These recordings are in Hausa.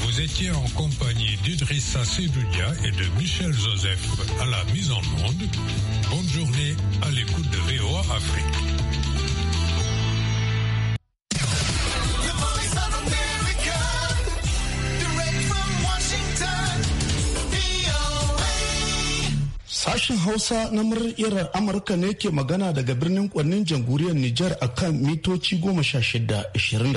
vous étiez en compagnie d'Idrissa Sebudia et de Michel Joseph à la mise en monde. Bonne journée à l'écoute de VOA Afrique. Sashen Hausa na muryar Amurka ne ke magana daga birnin kwannin jamhuriyar Nijar a kan mitoci goma sha shida, ishirin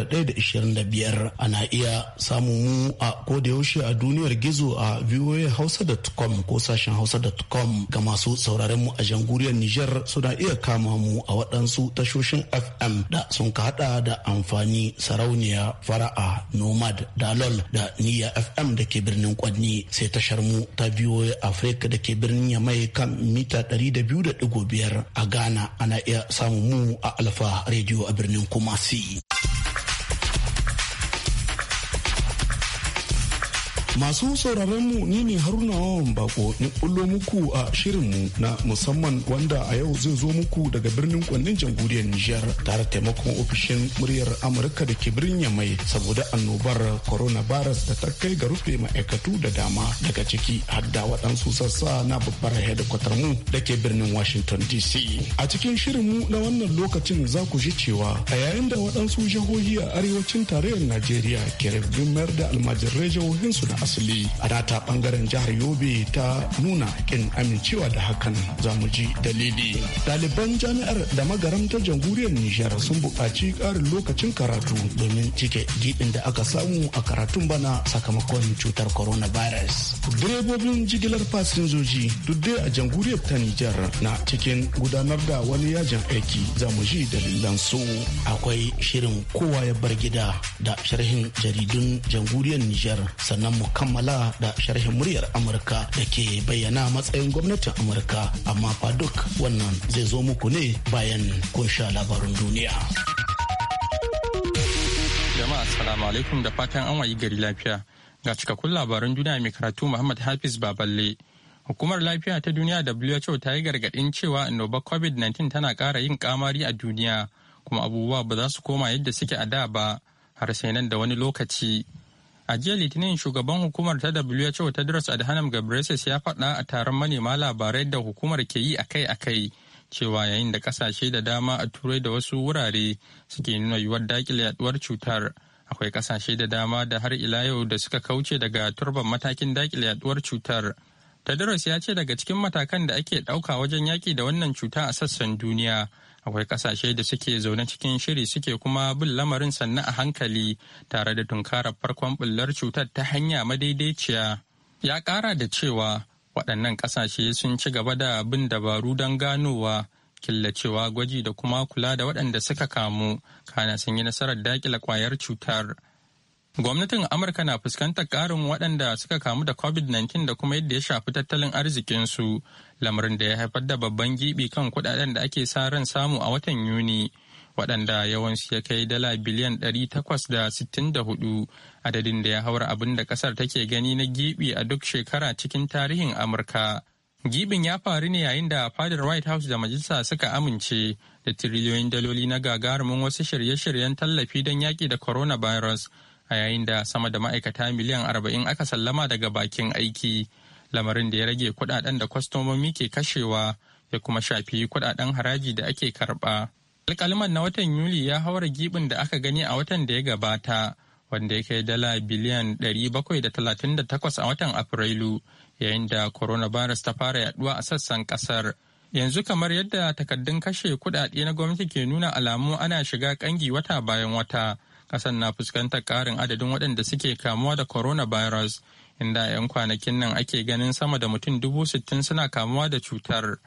Ana iya samun mu a kodayaushe a duniyar gizo a voahausa.com ko sashen hausa.com ga masu sauraren mu a jamhuriyar Nijar suna iya kama mu a waɗansu tashoshin FM da sun kaɗa da amfani sarauniya fara'a nomad da lol da niyya FM da ke birnin kwanni sai tashar mu ta VOA Africa da ke birnin Yamai kan mita 200.5 a Ghana ana iya samun mu a Alfa Radio a birnin Kumasi. Masu sauraron mu ni ne Haruna Wawan Bako ni kullo muku a shirin mu na musamman wanda a yau zai zo muku daga birnin kwannin jamhuriyar Nijar tare taimakon ofishin muryar Amurka da ke birnin Yamai saboda annobar coronavirus da ta kai ga rufe ma'aikatu da dama daga ciki har da waɗansu sassa na babbar hedikwatar mu da ke birnin Washington DC. A cikin shirin mu na wannan lokacin za ku ji cewa a yayin da waɗansu jihohi a arewacin tarayyar Najeriya ke mayar da almajirai jihohinsu na asali a data bangaren jihar yobe ta nuna kin amincewa da hakan zamu ji dalili daliban jami'ar da magaram ta jamhuriyar nijar sun buƙaci ƙarin lokacin karatu domin cike jiɗin da aka samu a karatun bana sakamakon cutar coronavirus direbobin jigilar fasinjoji duk dai a jamhuriyar ta nijar na cikin gudanar da wani yajin aiki zamu ji dalilan su akwai shirin kowa ya bar gida da sharhin jaridun jamhuriyar nijar sannan mu kammala da sharhin muryar Amurka da ke bayyana matsayin gwamnatin Amurka amma fa duk wannan zai zo muku ne bayan kun sha labarin duniya. Jama'a assalamu alaikum da fatan an wayi gari lafiya. Ga cikakkun labaran duniya mai karatu Muhammad Hafiz Baballe. Hukumar Lafiya ta Duniya WHO ta yi gargadin cewa annobar COVID-19 tana kara yin kamari a duniya, kuma abubuwa ba za su koma yadda suke a da ba har sai nan da wani lokaci. A jiya Litinin shugaban hukumar ta WHO Tedros Adhanom Ghebreyesus ya faɗa a taron manema labarai da hukumar ke yi akai-akai cewa yayin da ƙasashe da dama a turai da wasu wurare suke nuna yiwuwar dakile yaduwar cutar akwai ƙasashe da dama da har ila yau da suka kauce daga turban matakin dakile yaduwar cutar. Tedros ya ce daga cikin matakan da ake ɗauka wajen yaƙi da wannan cuta a sassan duniya akwai kasashe da suke zaune cikin shiri suke kuma bin lamarin sannu a hankali tare da tunkarar farkon bullar cutar ta hanya madaidaiciya ya kara da cewa waɗannan kasashe sun ci gaba da bin dabaru don ganowa killacewa gwaji da kuma kula da waɗanda suka kamu kana sun yi nasarar daƙila kwayar cutar Gwamnatin Amurka na fuskantar ƙarin waɗanda suka kamu da COVID-19 da kuma yadda ya shafi tattalin arzikinsu, lamarin da ya haifar da babban gibi kan kuɗaɗen da ake sa ran samu a watan Yuni, waɗanda yawansu ya kai dala biliyan 864 adadin da ya haura abin da ƙasar take gani na gibi a duk shekara cikin tarihin Amurka. Gibin ya faru ne yayin da fadar White House da majalisa suka amince da tiriliyoyin daloli na gagarumin wasu shirye-shiryen tallafi don yaƙi da coronavirus a yayin da sama da ma'aikata miliyan arba'in aka sallama daga bakin aiki lamarin da ya rage kudaden da kwastomomi ke kashewa ya kuma shafi kudaden haraji da ake karba. alkaliman na watan yuli ya haura gibin da aka gani a watan da ya gabata wanda ya kai dala biliyan takwas a watan afrilu yayin da coronavirus ta fara yaduwa a sassan kasar yanzu kamar yadda takaddun kashe kudade na gwamnati ke nuna alamu ana shiga kangi wata bayan wata kasan na fuskantar karin adadin waɗanda suke kamuwa da coronavirus inda 'yan kwanakin nan ake ganin sama da mutum dubu sittin suna kamuwa da cutar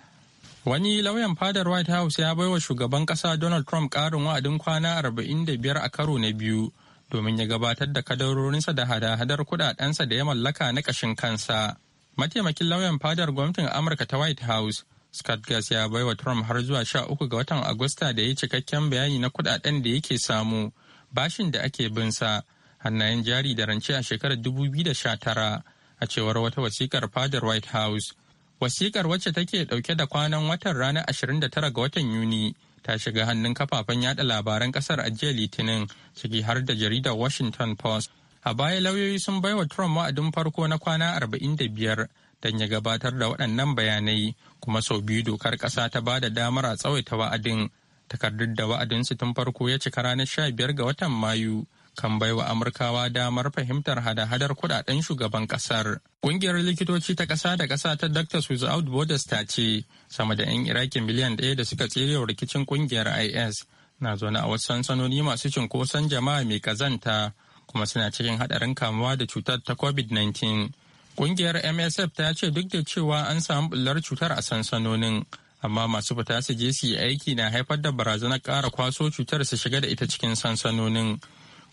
wani lauyan fadar white house ya baiwa shugaban ƙasa donald trump ƙarin wa'adin kwana arba'in da biyar a karo na biyu domin ya gabatar da kadarorinsa da hada-hadar kudadensa da ya mallaka na kashin kansa mataimakin lauyan fadar gwamnatin amurka ta white house Scott Gas ya baiwa Trump har zuwa sha uku ga watan Agusta da ya cikakken bayani na kudaden da yake samu bashin da ake bin sa hannayen jari da rance a shekarar 2019 a cewar wata wasikar fadar white house wasikar wacce take dauke da kwanan watan ranar 29 ga watan yuni ta shiga hannun kafafen yada labaran kasar a jiya litinin ciki har da jaridar washington post a baya lauyoyi sun baiwa trump wa'adin farko na kwana 45 don ya gabatar da waɗannan bayanai kuma sau biyu dokar ƙasa ta ba da damar a tsawaita wa'adin takardar da wa'adinsu tun farko ya cika ranar 15 ga watan mayu kan baiwa amurkawa damar fahimtar hada-hadar kudaden shugaban kasar kungiyar likitoci ta kasa da kasa ta dr without borders ta ce sama da 'yan iraki miliyan ɗaya da suka tserewa rikicin kungiyar is na zaune a wasu sansanoni masu cunkoson jama'a mai kazanta kuma suna cikin hadarin kamuwa da cutar ta covid-19 kungiyar msf ta ce duk da cewa an samu bullar cutar a sansanonin amma masu fita su je su yi aiki na haifar da barazanar ƙara kwaso cutar su shiga da ita cikin sansanonin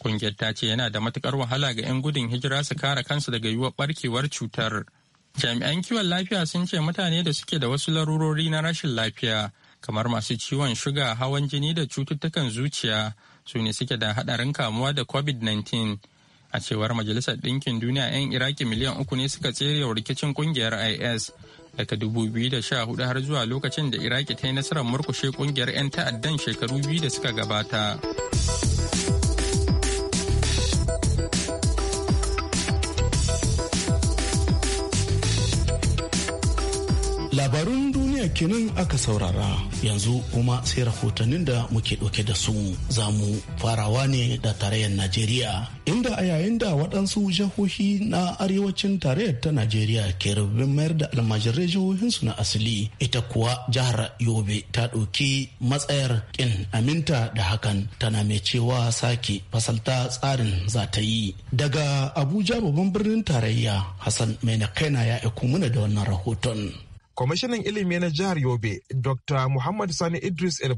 kungiyar ta ce yana da matukar wahala ga 'yan gudun hijira su kara kansu daga yiwuwar barkewar cutar jami'an kiwon lafiya sun ce mutane da suke da wasu larurori na rashin lafiya kamar masu ciwon shuga hawan jini da cututtukan zuciya su ne suke da hadarin kamuwa da covid-19 a cewar majalisar ɗinkin duniya 'yan iraki miliyan uku ne suka tsere wa rikicin kungiyar is daga 2014 har zuwa lokacin da iraki ta yi nasarar murkushe kungiyar 'yan ta'addan shekaru biyu da suka gabata labarun duniya kenan aka saurara yanzu kuma sai rahotannin da muke ɗauke da su zamu farawa ne da tarayyar najeriya inda a yayin da waɗansu jihohi na arewacin tarayyar ta najeriya ke rubin mayar da almajirai jihohinsu na asali ita kuwa jihar yobe ta ɗauki matsayar ƙin aminta da hakan tana mai cewa sake fasalta tsarin za ta yi daga abuja babban birnin tarayya hassan mai na kaina ya aiko mana da wannan rahoton Kwamishinan ilimi na jihar Yobe, Dr. Muhammad Sani Idris El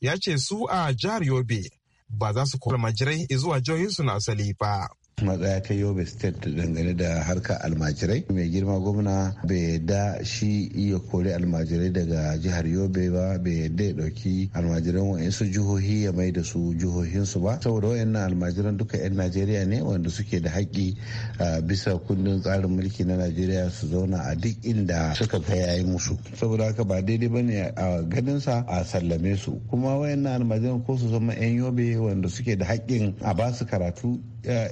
ya ce su a jihar Yobe ba za su kora majirai zuwa jihohinsu na asali ba. matsaya ta yobe state dangane da harkar almajirai mai girma gwamna bai da shi iya kori almajirai daga jihar yobe ba bai yadda ya dauki almajiran wa'insu jihohi ya mai da su jihohinsu ba saboda wayannan almajiran duka 'yan najeriya ne wanda suke da haƙƙi bisa kundin tsarin mulki na najeriya su zauna a duk inda suka ga yayi musu saboda haka ba daidai ba ne a sa a sallame su kuma wayannan almajiran ko su zama 'yan yobe wanda suke da haƙƙin a ba su karatu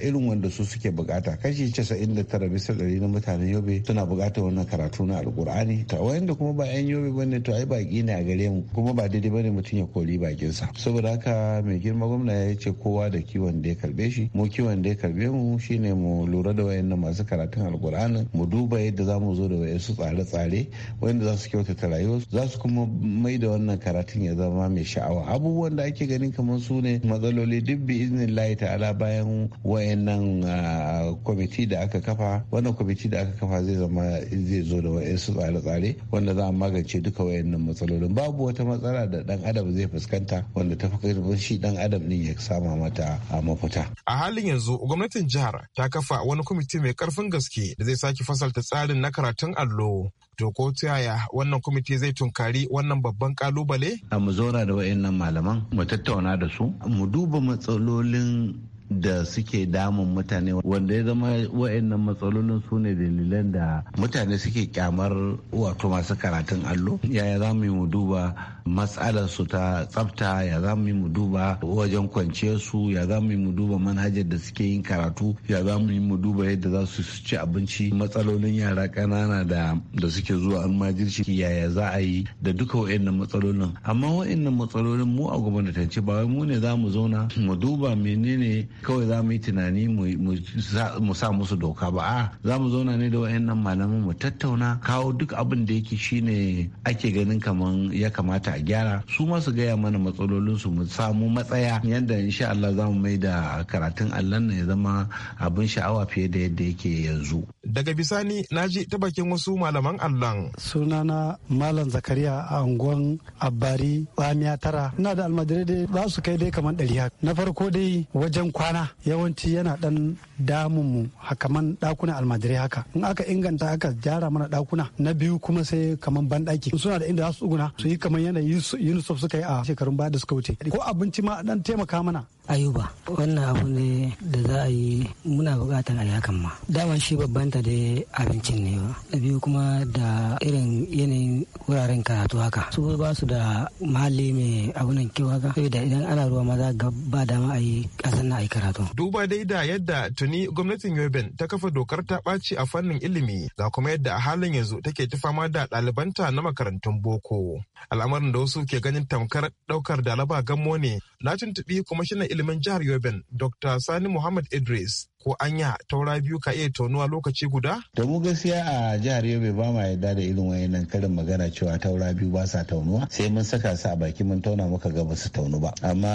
irin wanda su suke bukata kashi 99 bisa ɗari na mutanen yobe suna bukata wannan karatu na alkur'ani ta da kuma ba yan yobe bane to ai baki ne a gare mu kuma ba daidai bane mutum ya koli bakinsa saboda haka mai girma gwamna ya ce kowa da kiwon da ya karbe shi mu kiwon da ya karbe mu shine mu lura da wayannan masu karatun alkur'ani mu duba yadda zamu zo da wayansu tsare-tsare wayanda za su kyautata rayuwa za su kuma mai da wannan karatun ya zama mai sha'awa abubuwan da ake ganin kamar su ne matsaloli duk bi lahi ta'ala bayan wayannan ah, kwamiti da aka kafa wannan kwamiti da aka kafa zai zama zai zo da wayansu tsare-tsare wanda za a magance duka wayannan matsalolin babu wata matsala da dan adam zai fuskanta wanda ta fi shi dan adam din ya sama mata a mafuta. a halin yanzu gwamnatin jihar ta kafa wani kwamiti mai karfin gaske da zai sake fasalta tsarin na karatun allo to ko yaya wannan kwamiti zai tunkari wannan babban kalubale a mu zora da wayannan malaman mu tattauna da su mu duba matsalolin da suke damun mutane wanda ya zama wa'annan matsalolin su ne dalilan da mutane suke kyamar wato masu karatun allo yaya za mu yi mu duba matsalar su ta tsafta ya za mu yi mu duba wajen kwanciyar su ya za mu yi mu duba manhajar da suke yin karatu ya za mu yi mu duba yadda za su ci abinci matsalolin yara ƙanana da da suke zuwa almajirci yaya za a yi da duka wa'annan matsalolin amma wa'annan matsalolin mu a gwamnatance ba wai mu ne za mu zauna mu duba menene kawai za mu yi tunani mu sa musu doka ba a za mu zauna ne da wa'annan malaman mu tattauna kawo duk abin da yake shine ake ganin kaman ya kamata a gyara su ma su gaya mana matsalolinsu mu samu matsaya yadda insha Allah za mu mai da karatun Allah ya zama abin sha'awa fiye da yadda yake yanzu. Daga bisani na ji ta bakin wasu malaman Allah. Sunana Malam Zakariya a unguwan abari Bamiya tara. Ina da almajirai dai za su kai dai kaman ɗari Na farko dai wajen kwana yawanci yana ɗan damun mu hakaman ɗakunan almajirai haka. In aka inganta aka gyara mana ɗakuna. Na biyu kuma sai kamar banɗaki. Suna da inda za su tsuguna su yi kamar yanayi yusuf suka yi a shekarun baya da suka wuce ko abinci ma dan taimaka mana ayuba wannan abu ne da za a yi muna bukatar a yakan ma daman shi babbanta da abincin ne ba biyu kuma da irin yanayin wuraren karatu haka su ba su da mahalli mai abunan kyau haka saboda idan ana ruwa ma za ga ba dama a yi kasan na a yi karatu. duba dai da yadda tuni gwamnatin yoben ta kafa dokar ta ɓaci a fannin ilimi ga kuma yadda a halin yanzu take ta fama da ɗalibanta na makarantun boko al'amarin da wasu ke ganin tamkar ɗaukar dalaba gammo ne na tuntuɓi kwamishinan ilimin jihar Yobin Dr. Sani Muhammad Idris ko anya taura biyu ka iya taunuwa lokaci guda? Da mu gaskiya a jihar Yobe ba ma yarda da irin wayannan karin magana cewa taura biyu ba sa taunuwa sai mun saka su a baki mun tauna muka ga basu taunu ba. Amma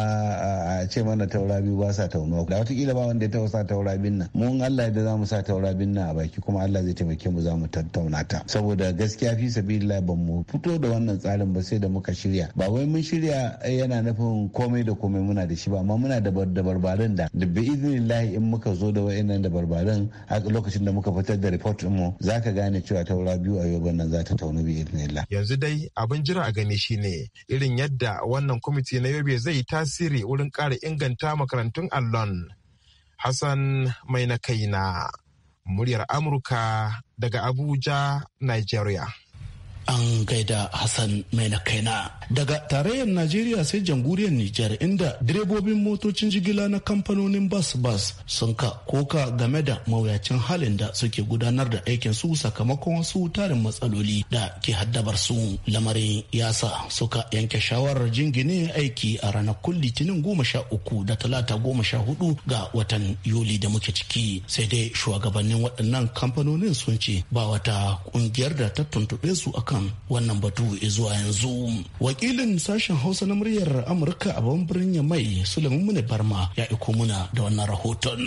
a ce mana taura biyu ba sa taunuwa da watakila ba wanda ya taɓa sa taura biyun nan. Mun Allah da za mu sa taura biyun nan a baki kuma Allah zai taimake mu za mu tattauna ta. Saboda gaskiya fi sabilillah ba mu fito da wannan tsarin ba sai da muka shirya. Ba wai mun shirya eh, yana nufin komai da komai muna da shi ba amma muna da dabarbarin da da bi in muka zo da wayannan da a lokacin da muka fitar da report mu zaka gane cewa taura biyu a yoban nan za ta taunu bi idnillah yanzu dai abin jira a gani shine irin yadda wannan kwamiti na yobe zai tasiri wurin ƙara inganta makarantun allon hassan mai na kaina muryar amurka daga abuja nigeria an gaida Hassan mai na kaina. Daga tarayyar Najeriya sai jamhuriyar Nijar inda direbobin motocin jigila na kamfanonin bas-bas sun ka koka game da mawuyacin halin da suke gudanar da aikin su sakamakon wasu tarin matsaloli da ke haddabar su. Lamarin yasa suka yanke shawarar jingine aiki a ranakun litinin goma sha uku da talata goma sha hudu ga watan Yuli da muke ciki. Sai dai shugabannin waɗannan kamfanonin sun ce ba wata ƙungiyar da ta tuntuɓe su akan akan wannan batu zuwa yanzu wakilin sashen hausa na muryar amurka a babban birnin yamai sulaiman mune barma ya iko muna da wannan rahoton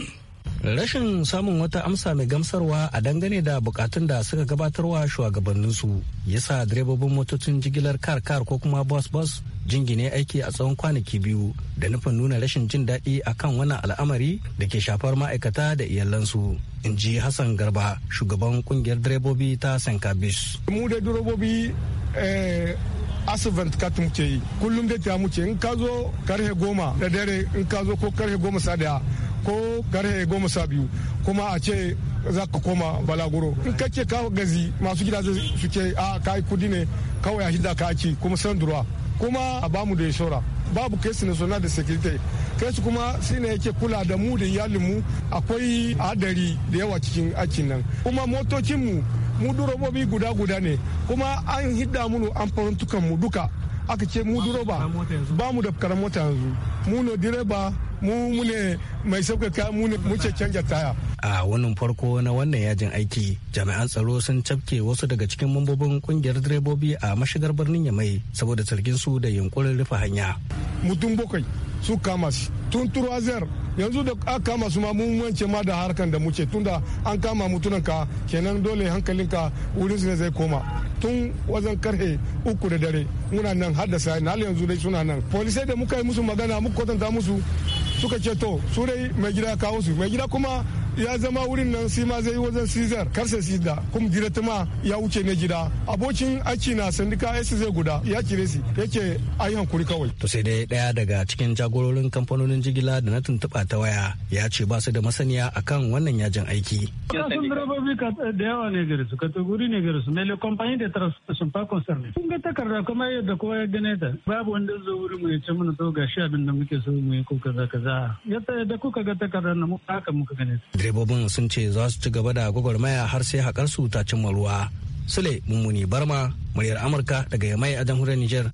rashin samun wata amsa mai gamsarwa a dangane da bukatun da suka gabatarwa shugabanninsu ya sa direbobin motocin jigilar kar kar ko kuma bus bus jingine aiki a tsawon kwanaki biyu da nufin nuna rashin jin daɗi a kan wannan al'amari da ke shafar ma'aikata da iyalansu in ji hassan garba shugaban kungiyar direbobi ta sankabis mu da direbobi eh, asibant ka yi kullum da ta muke in ka zo karhe goma da dare in ka zo ko karhe goma sa ko karhe goma sha biyu kuma a ce za ka koma balaguro in ce ka gazi masu gida su ce a ah, ka yi kudi ne kawai a shida ka ci kuma san durwa kuma a bamu da inshora babu na national da security su kuma ne yake kula da mu da iyalinmu akwai hadari da yawa cikin aikin nan kuma motocinmu mu durobobi guda guda ne kuma an hidda munu an farantukan mu duka aka ce mu duroba ba mu da karamota yanzu mu no direba mu mune mai sauƙaƙa mu ne muke canja taya. A wannan farko na wannan yajin aiki jami'an tsaro sun cafke wasu daga cikin mambobin kungiyar direbobi a mashigar birnin Yamai saboda zargin su da yunkurin rufe hanya. Mutum bakwai su kama shi tun turu yanzu da aka kama su ma mun wance ma da harkan da muke tunda an kama mutunan ka kenan dole hankalinka wurin su ne zai koma tun wajen karhe uku da dare muna nan har da yanzu dai suna nan polisai da muka yi musu magana muka kwatanta musu suka ce to su dai mai gida kawo su mai gida kuma ya zama wurin nan sai ma zai wajen sizar karsa sida kuma diretuma ya wuce ne gida abokin aiki na sandika esi zai guda ya kire shi yake ayi hankuri kawai to sai dai daya daga cikin jagororin kamfanonin jigila da na tuntuba ta waya ya ce ba su da masaniya akan wannan yajin aiki kasan direbobi da yawa ne gare su katagori ne gare su mele kamfani da transportation pa concern kun ga takarda kuma yadda kowa ya gane ta babu wanda zo wurin mu ya ce mana to gashi abin da muke so mu yi ko kaza kaza yadda da kuka ga takardar na mu haka muka gane ta direbobin sun ce za su ci gaba da gwagwarmaya har sai haƙar su ta cimma ruwa sule mummuni barma muryar amurka daga yamai a jamhuriyar nijar.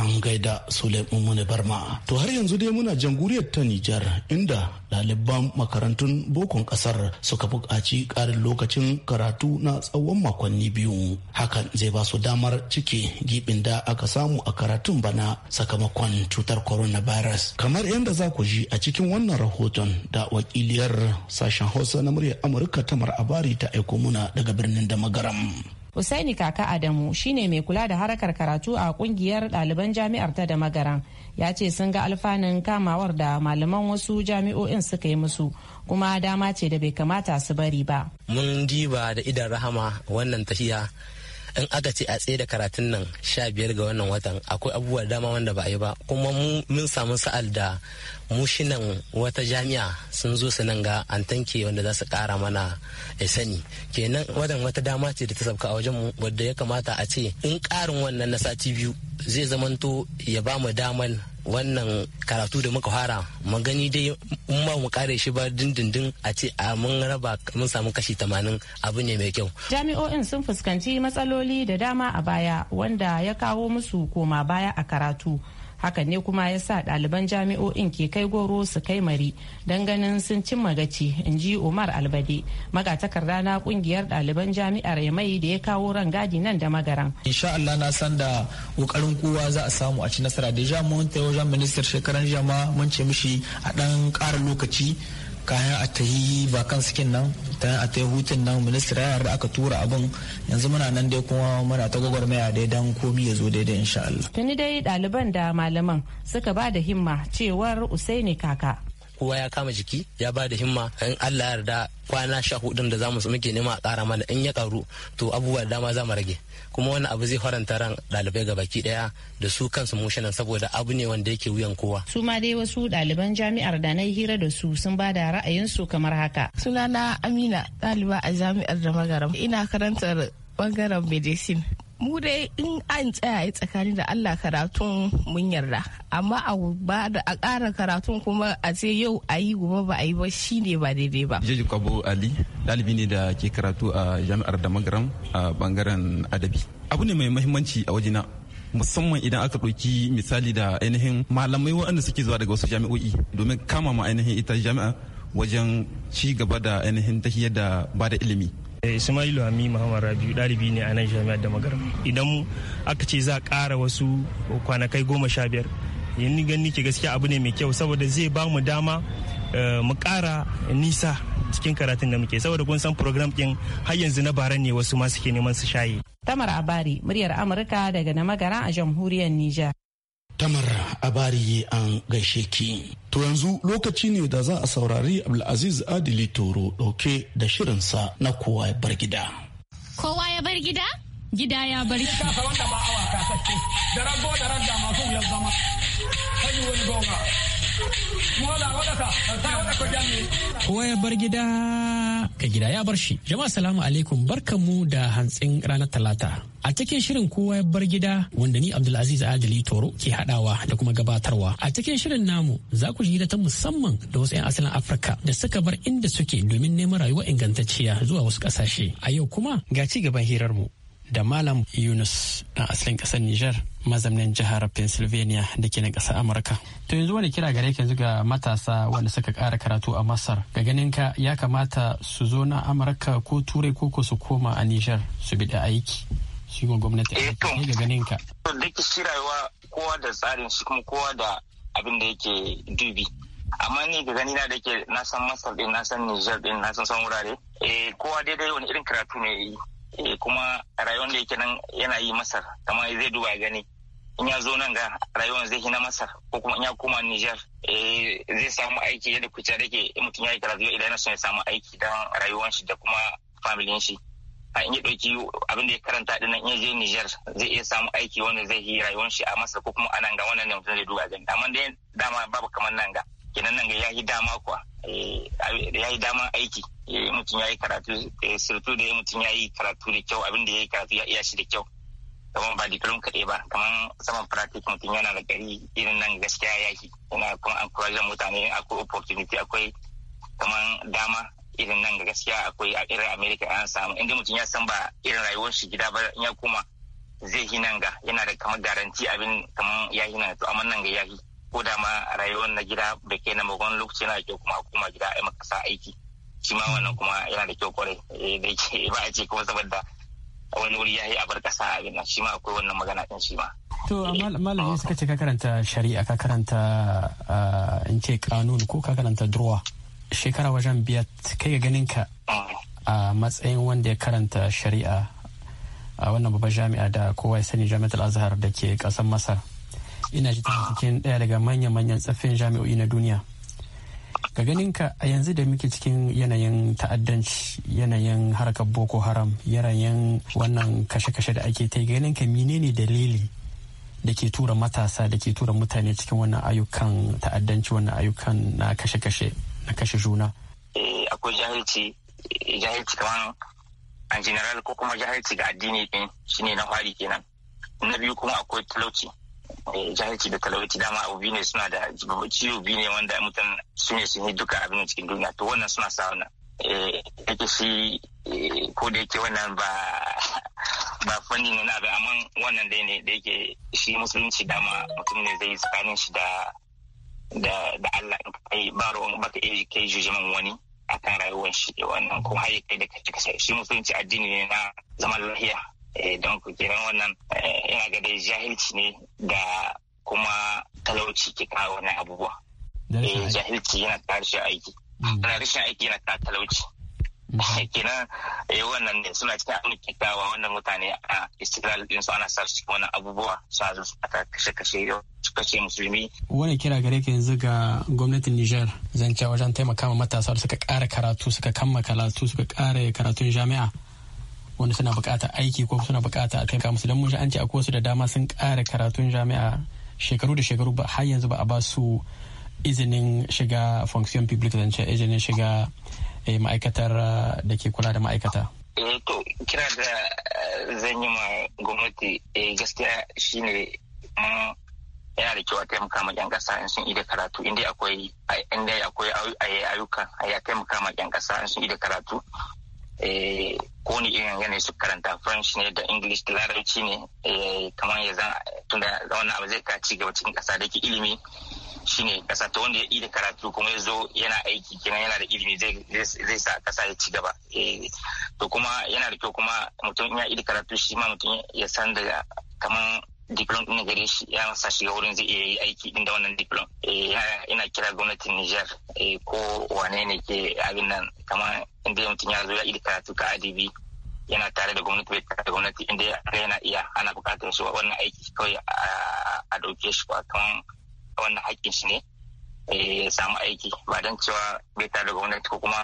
an gaida Sule Mune Barma. To har yanzu dai muna jamhuriyar ta Nijar inda ɗaliban makarantun bokon ƙasar suka buƙaci ƙarin lokacin karatu na tsawon makonni biyu. Hakan zai ba su damar cike gibin da aka samu a karatun bana sakamakon cutar coronavirus. Kamar yadda za ku ji a cikin wannan rahoton da wakiliyar sashen Hausa na muryar Amurka Tamar Abari ta aiko muna daga birnin da magaram. hussaini Kaka Adamu shine mai kula da harakar karatu a kungiyar ɗaliban jami'ar ta da magaran. Ya ce sun ga alfanun kamawar da malaman wasu jami'o'in suka yi musu kuma dama ce da bai kamata su bari ba. Mun diba da idan rahama wannan tafiya. in aka ce a tsaye da karatun nan sha biyar ga wannan watan akwai abubuwa dama wanda ba a yi ba kuma mun samu sa'al da mushinan wata jami'a sun zo su nan ga an tanke wanda za su kara mana eh, sani kenan wadan wata dama ce da ta sabka a wajen wadda ya kamata a ce in karin wannan na sati biyu zai zamanto ya ba mu damar. wannan karatu da muka fara magani dai in ma mu kare shi ba dindindin a ce a mun raba mun samu kashi tamanin abu ne mai kyau jami'o'in sun fuskanci matsaloli da dama a baya wanda ya kawo musu koma baya a karatu hakan ne kuma ya sa ɗaliban jami'o'in ke kai goro su kai mari don ganin sun cimma gaci in ji umar albade magatakarda na kungiyar ɗaliban jami'ar ya yamai da ya kawo rangadi nan da magaran insha allah na san da ƙoƙarin kowa za a samu a ci nasara da mun ta wajen ministar shekaran jama mun ce mishi a ɗan ƙara lokaci kayan a ta yi kan sikin nan ta a ta hutun nan ministra ya da aka tura abin yanzu muna nan dai kuma muna ta gwagwarmaya dai dan komi ya zo daidai insha Tuni dai daliban da malaman suka ba da himma cewar Usaini Kaka kowa ya kama jiki ya ba da himma in allah yarda kwana sha hudu da zamu muke nema a kara mana in ya karu to abubuwa da dama za mu rage kuma wani abu zai faranta ran dalibai ga baki daya da su kansu mushanan saboda abu ne wanda yake wuyan kowa. su ma dai wasu daliban jami'ar da na hira da su sun ba da ra'ayinsu kamar haka. sunana amina ɗaliba a jami'ar da magaram ina karantar bangaren medicine mu dai in an tsaya tsakani da Allah karatun mun yarda amma a ba da a ƙara karatun kuma a ce yau a yi gobe ba a yi ba ne ba daidai ba. Jeji Kwabo Ali ɗalibi ne da ke karatu a jami'ar da magaram a bangaren adabi. Abu ne mai mahimmanci a wajena musamman idan aka ɗauki misali da ainihin malamai waɗanda suke zuwa daga wasu jami'o'i domin kama ma ainihin ita jami'a wajen ci gaba da ainihin tahiyar da ba da ilimi. Eh, Ismailu Hami Muhammad Rabiu ɗalibi ne a nan jami'ar da magaram. Idan aka ce za a ƙara wasu kwanakai goma sha biyar yanni gani ke gaskiya abu ne mai kyau saboda zai ba mu dama eh, mu ƙara nisa cikin karatun da muke saboda kun san program ɗin har yanzu na bara ne wasu masu ke neman su shaye. Tamar Abari, muryar Amurka daga magara a jamhuriyar Nijar. Tamar a bariye an gaishe ki. To yanzu lokaci ne da za a saurari Abdulaziz Adili Toro ɗauke da shirinsa na kowa ya bar gida. Kowa ya bar gida? Gida ya bar gida. awa da da masu zama, wani gonga. Kowa ya bar gida ka gida ya bar shi. Jama'a salamu alaikum mu da hantsin ranar talata. A cikin shirin kowa ya bar gida wanda ni Abdulaziz Adili Toro ke haɗawa da kuma gabatarwa. A cikin shirin namu za ku ji ta musamman da wasu 'yan asalin Afirka da suka bar inda suke domin neman rayuwa ingantacciya zuwa wasu ƙasashe. A yau kuma ga ci gaban hirarmu. da malam yunus na asalin kasar Nijar mazamnin jihar pennsylvania da ke na kasar amurka to yanzu wani kira gare yanzu ga matasa wanda suka kara karatu a masar ga ganin ka ya kamata su zo na amurka ko turai ko su koma a Nijar su bi da aiki shi gwamnati ne eh, ga ganin ka duk shi rayuwa kowa da tsarin shi kuma kowa da abin da yake dubi amma ni ga gani na da ke na san masar din na san nijar din na san san wurare eh kowa daidai wani irin karatu ne yi Eh, kuma rayuwar da yake nan yana yi masar kama zai duba gani in ya zo nan ga rayuwar zai yi na masar ko kuma in ya koma niger eh, zai samu aiki yadda kuce da ke mutum ya yi karatu idan na son ya samu aiki don rayuwar shi da kuma familin shi a in ya ɗauki abin da ya karanta din nan in je niger zai iya samu aiki wanda zai yi rayuwar shi a masar ko kuma a nan ga wannan ne mutum zai duba gani amma dai dama babu kamar nan ga kenan nan ga yayi dama kuwa eh, yayi dama aiki eh, mutum yayi karatu eh, surtu da mutum yayi karatu da kyau abin da yayi karatu ya iya shi da kyau kamar ba diplom kaɗai ba kamar saman practice mutum yana da gari irin nan gaskiya yaki yana kuma encourage mutane akwai opportunity akwai kamar dama irin nan gaskiya akwai a irin america an samu inda mutum ya san ba irin rayuwar shi gida ba in ya koma zai hinanga yana da kamar garanti abin kamar ya hi nan to amma nan ga ya ko da ma rayuwar na gida bai kai na magon lokaci na kyau kuma kuma gida ai sa aiki shi ma wannan kuma yana da kyau kwarai eh, da yake ba a ce kuma saboda wani wuri ya yi bar kasa a nan shi ma akwai wannan magana din shi ma. To malami suka ce ka karanta shari'a ka karanta ah, in ce kanun ko ka karanta durwa shekara wajen biyat kai ga ganin ka a matsayin wanda ya karanta shari'a a wannan babbar jami'a da kowa ya sani jami'ar azhar da ke kasar masar. ina ji tana cikin ɗaya daga manya-manyan tsaffin jami'o'i na duniya ga ganin ka a yanzu da muke cikin yanayin ta'addanci yanayin harkar boko haram yanayin wannan kashe-kashe da ake ta ganin ka menene dalili da ke tura matasa da ke tura mutane cikin wannan ayyukan ta'addanci wannan ayyukan na kashe-kashe na kashe juna eh, akwai jahilci jahilci kamar a general ko kuma jahilci ga addini din shine na fari kenan na biyu kuma akwai talauci Eh, jahilci da talauci dama abu biyu ne suna da ciwo biyu ne wanda mutum su ne sun yi duka abin cikin duniya to wannan suna sa wannan eh, yake shi eh, ko da yake wannan ba ba fanni na abin amma wannan dai ne da yake shi musulunci dama mutum ne zai tsakanin shi da da da Allah in kai ba ruwan baka iya kai jujiman wani akan rayuwar shi wannan ko har kai da kai shi musulunci addini ne na zaman lafiya don ku kiran wannan ina ga dai jahilci ne da kuma talauci ke kawo wannan abubuwa eh, jahilci yana ta rashin aiki mm. ana rashin aiki yana ta talauci mm. kenan yi eh, wannan ne suna cikin abin ke kawo wannan mutane a istiklal din su ana sa su wannan abubuwa suna a aka kashe kashe su kashe musulmi wani kira gare ka yanzu ga gwamnatin zan zance wajen taimaka ma matasa suka ƙara karatu suka kammala karatu suka ƙara karatun jami'a wanda suna bukata aiki ko suna bukata a taimaka musu don mun an ce akwai da dama sun kara karatun jami'a shekaru da shekaru ba har yanzu ba a ba su izinin shiga function public zance izinin shiga eh, ma'aikatar da ke kula da ma'aikata. Eh, to kira da eh, zan yi ma gwamnati gaskiya shine yana da kyau a taimaka ma yan kasa in sun ida karatu inda akwai inda akwai ayyuka a taimaka ma yan kasa in sun ida karatu Eh, ko ni irin yanayi su karanta french ne da english da larabci ne eh, kamar ya zan tunda zaune abu zai ka gaba cikin kasa da ke ilimi shine kasa ta wanda ya yi karatu kuma ya zo yana aiki kenan yana da ilimi zai sa kasa ya ci gaba eh, to kuma yana da kyau kuma mutum ya ida karatu shi ma mutum ya san da kamar diplom ɗin gare shi ya masa shiga wurin zai iya yi aiki ɗin da wannan diplom eh, ina kira gwamnatin Nijar eh, ko wane ne ke abin nan kamar inda mutum ya zo ya iri karatu ka adibi yana tare da gwamnati bai tare da gwamnati inda yana iya ana bukatar shi wannan aiki kawai a ɗauke shi ba kan wannan haƙƙin shi ne eh, ya samu aiki ba don cewa bai tare da gwamnati ko kuma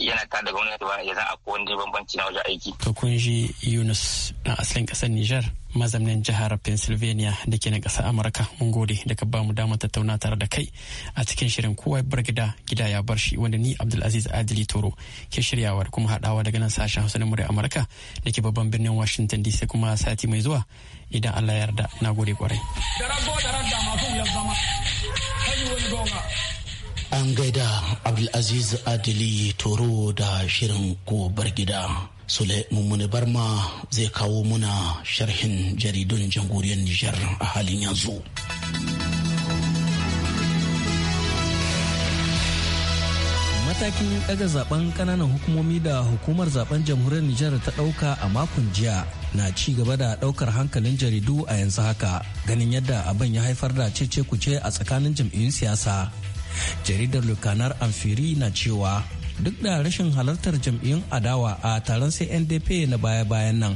yana tare da gwamnati ba ya zan akwai wani bambanci na wajen aiki. To kun shi Yunus na asalin ƙasar Nijar. mazamnin jihar pennsylvania da ke na ƙasar amurka mun gode da ka bamu damar tattauna tare da kai a cikin shirin kowa bar gida gida ya bar shi wanda ni abdulaziz adili toro ke shiryawa da kuma haɗawa daga nan sashen hausa na murya amurka da ke babban birnin washington dc kuma sati mai zuwa idan allah ya yarda na gode kwarai. An gaida Abdulaziz Adili Toro da shirin gobar gida. Sule Mummuni Barma zai kawo muna sharhin jaridun jamhuriyar Nijar a halin yanzu. Matakin ɗaga zaben ƙananan hukumomi da hukumar zaben jamhuriyar Nijar ta ɗauka a makon jiya na ci gaba da ɗaukar hankalin jaridu a yanzu haka ganin yadda abin ya haifar da cece kuce a tsakanin jam'iyyun siyasa jaridar lukanar amfiri na cewa duk da rashin halartar jam'iyyun adawa a taron sai ndp na baya-bayan nan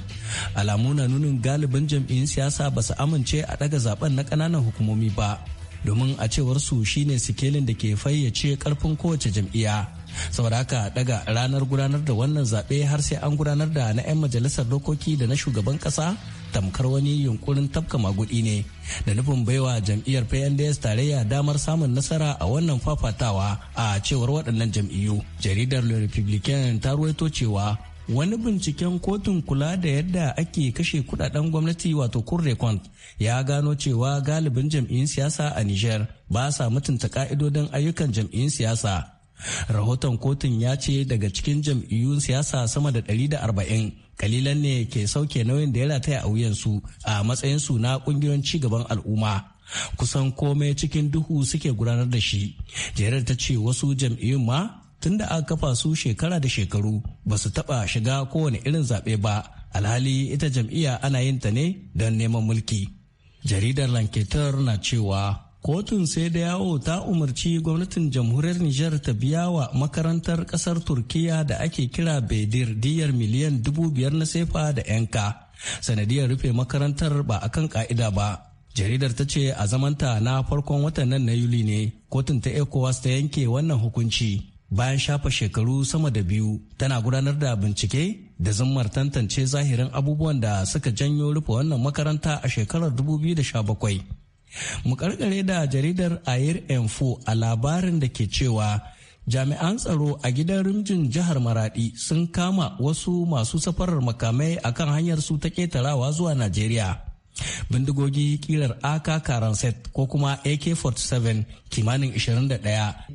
alamu na nunin galibin jam'iyyun siyasa ba su amince a daga zaben na ƙananan hukumomi ba domin a cewar su shine sikelin da ke fayyace karfin kowace jam'iyya saboda haka daga ranar gudanar da wannan zaɓe har sai an gudanar da na 'yan majalisar dokoki da na shugaban ƙasa tamkar wani yunkurin tafka magudi ne da nufin baiwa jam'iyyar pnds tarayya damar samun nasara a wannan fafatawa a cewar waɗannan jam'iyyu jaridar le republican ta ruwaito cewa wani binciken kotun kula da yadda ake kashe kudaden gwamnati wato compte ya gano cewa galibin jam'iyyun siyasa a niger ba sa mutunta ka'idodin ayyukan jam'iyyun siyasa rahoton kotun ya ce daga cikin jam'iyyun siyasa sama da 140 kalilan ne ke sauke nauyin da ya rataya a wuyansu a matsayinsu na kungiyoyin cigaban al'umma kusan komai cikin duhu suke gudanar da shi jerar ta ce wasu jam'iyyun ma tun da aka kafa su shekara da shekaru ba su taɓa shiga kowane irin zaɓe ba alhali ita jam'iyya ana yin ta ne don neman mulki jaridar lanketar na cewa kotun sai da yawo ta umarci gwamnatin jamhuriyar Nijar ta biya wa makarantar kasar Turkiya da ake kira Bedir diyar miliyan dubu biyar na sefa da yanka. Sanadiyar rufe makarantar ba a kan ka'ida ba. Jaridar ta ce a zamanta na farkon watan nan na Yuli ne kotun ta ECOWAS ta yanke wannan hukunci. Bayan shafa shekaru sama da biyu tana gudanar da bincike da zammar tantance zahirin abubuwan da suka janyo rufe wannan makaranta a shekarar 2017. mu karkare da jaridar air info a labarin da ke cewa jami'an tsaro a gidan rimjin jihar maradi sun kama wasu masu safarar makamai akan hanyar su ta ketarawa zuwa najeriya bindigogi kirar aka set ko kuma ak-47 kimanin 21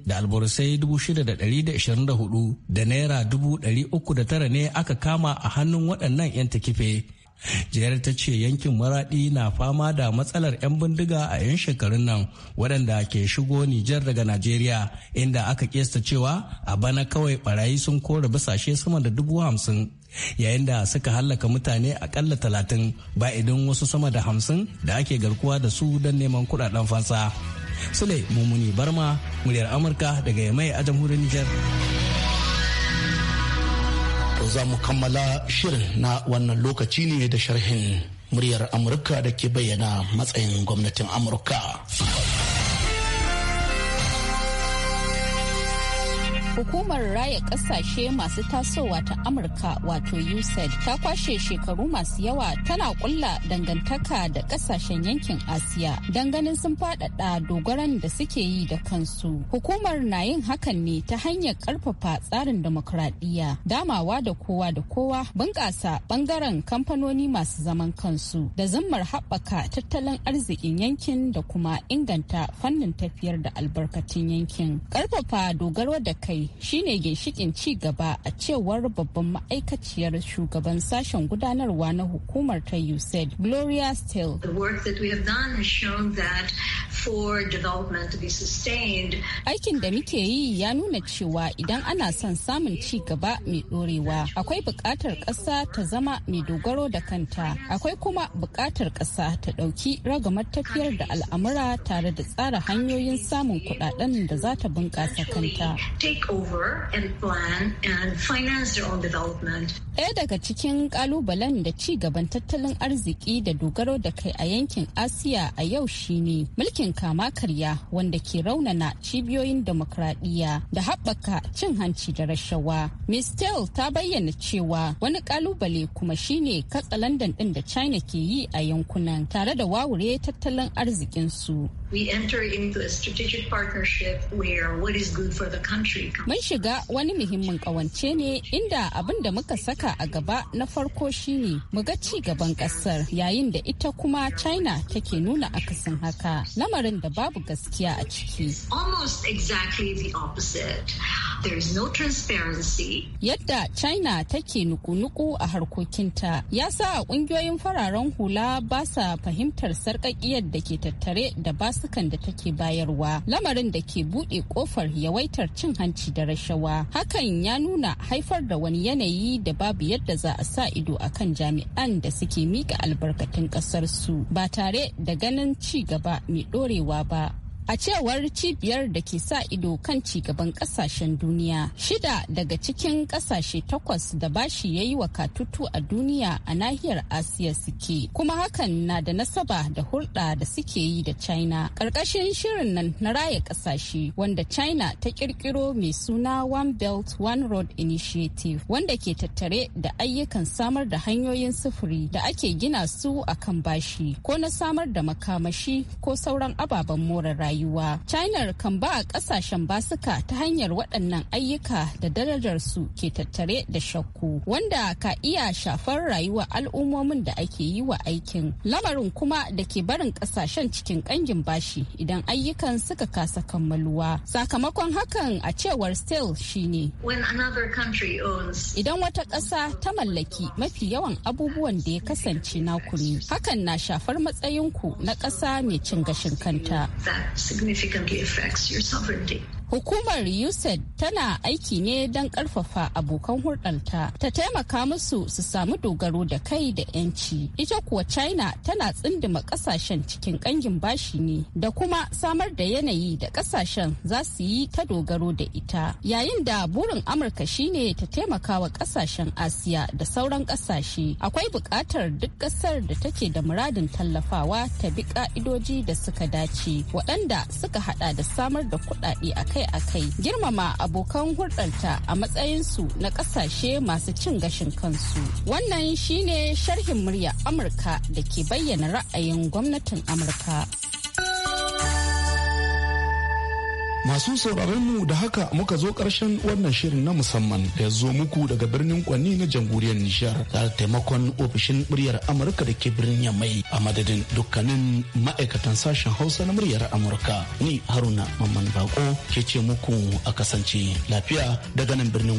da albarsai 6,624 da naira 309 ne aka kama a hannun waɗannan 'yan takife jihar ta ce yankin maradi na fama da matsalar 'yan bindiga a 'yan shekarun nan waɗanda ke shigo nijar daga najeriya inda aka kesta cewa a bana kawai barayi sun kora basashe sama da dubu hamsin yayin da suka hallaka mutane akalla talatin ba idan wasu sama da hamsin da ake garkuwa da su don neman kudaden fansa sule mummuni barma muryar amurka daga yamai a jamhuriyar nijar za mu kammala shirin na wannan lokaci ne da sharhin muryar Amurka da ke bayyana matsayin gwamnatin Amurka. Hukumar raya kasashe masu tasowa ta Amurka wato USAID ta kwashe shekaru masu yawa tana kulla dangantaka da kasashen yankin Asiya ganin sun faɗaɗa dogaran da suke yi da kansu. Hukumar na yin hakan ne ta hanyar ƙarfafa tsarin demokuraɗiyya, damawa da kowa da kowa, bunƙasa ɓangaren kamfanoni masu zaman kansu da zammar haɓaka tattalin arzikin yankin da kuma inganta fannin tafiyar da albarkatun yankin. Ƙarfafa dogaro da kai shine ginshikin ci gaba a cewar babban ma'aikaciyar shugaban sashen gudanarwa na hukumar ta USAID Gloria Steele. Aikin da muke yi ya nuna cewa idan ana son samun ci gaba mai dorewa akwai buƙatar ƙasa ta zama mai dogaro da kanta akwai kuma buƙatar ƙasa ta ɗauki ragamar tafiyar da al'amura tare da tsara hanyoyin samun kuɗaɗen da za ta bunƙasa kanta. over and plan and Ɗaya daga cikin ƙalubalen da ci gaban tattalin arziki da dogaro da kai a yankin Asiya a yau shine mulkin kama karya wanda ke raunana cibiyoyin demokradiyya da haɓaka cin hanci da rashawa. Ms. Tell ta bayyana cewa wani ƙalubale kuma shine katsalandan ɗin da China ke yi a yankunan tare da wawure tattalin arzikinsu. We enter into a strategic partnership where what is good for the country Mun shiga wani muhimmin kawance ne inda abin da muka saka a gaba na farko shine mu ga ci gaban kasar yayin da ita kuma China take nuna akasin haka lamarin da babu gaskiya a ciki. Almost exactly the opposite. There is no transparency. Yadda China take nuku-nuku a harkokinta ya sa kungiyoyin fararen hula ba sa fahimtar sarƙaƙiyar da ke tattare da basukan da take bayarwa lamarin da ke buɗe ƙofar yawaitar cin hanci da rashawa hakan ya nuna haifar da wani yanayi da babu yadda za a sa ido a kan jami'an da suke mika albarkatun su ba tare da ganin ci gaba mai ɗorewa ba A cewar cibiyar da ke sa ido kan cigaban kasashen duniya, shida daga cikin kasashe takwas da bashi ya yi wa katutu a duniya a nahiyar Asiya suke, kuma hakan na da nasaba da hulɗa da suke yi da China. Ƙarƙashin shirin nan na raya kasashe wanda China ta ƙirƙiro mai suna One Belt One Road Initiative wanda ke tattare da ayyukan samar da hanyoyin sufuri da ake gina su akan bashi ko na samar da makamashi ko sauran ababen more rayuwa. rayuwa china kan ba a kasashen basuka ta hanyar waɗannan ayyuka da darajarsu ke tattare da shakku wanda ka iya shafar rayuwa al'ummomin da ake yi wa aikin lamarin kuma da ke barin kasashen cikin kangin bashi idan ayyukan suka kasa kammaluwa sakamakon hakan a cewar steel shine idan wata ƙasa ta mallaki mafi yawan abubuwan da ya kasance naku ne hakan na shafar matsayinku na ƙasa mai cin gashin kanta significantly affects your sovereignty. Hukumar USAID tana aiki ne don karfafa abokan hulɗarta ta taimaka musu su samu dogaro da kai da 'yanci. Ita kuwa China tana tsindima kasashen cikin kangin bashi ne da kuma samar da yanayi da kasashen za su yi ta dogaro da ita. Yayin da burin Amurka shine ta taimaka wa ƙasashen Asiya da sauran kasashe Akwai bukatar duk ƙasar da take da muradin tallafawa ta bi ka'idoji da suka dace waɗanda suka hada da samar da kuɗaɗe akai a kai girmama abokan hulɗarta a matsayinsu na ƙasashe masu cin gashin kansu. Wannan shine sharhin murya Amurka da ke bayyana ra'ayin gwamnatin Amurka. Masu sauraron mu da haka muka zo ƙarshen wannan shirin na musamman da ya zo muku daga birnin Kwanni na jamhuriyar Nijar da taimakon ofishin muryar Amurka da ke birnin Yamai a madadin dukkanin ma'aikatan sashen Hausa na muryar Amurka. Ni Haruna Mamman Bako ke ce muku a kasance lafiya daga nan birnin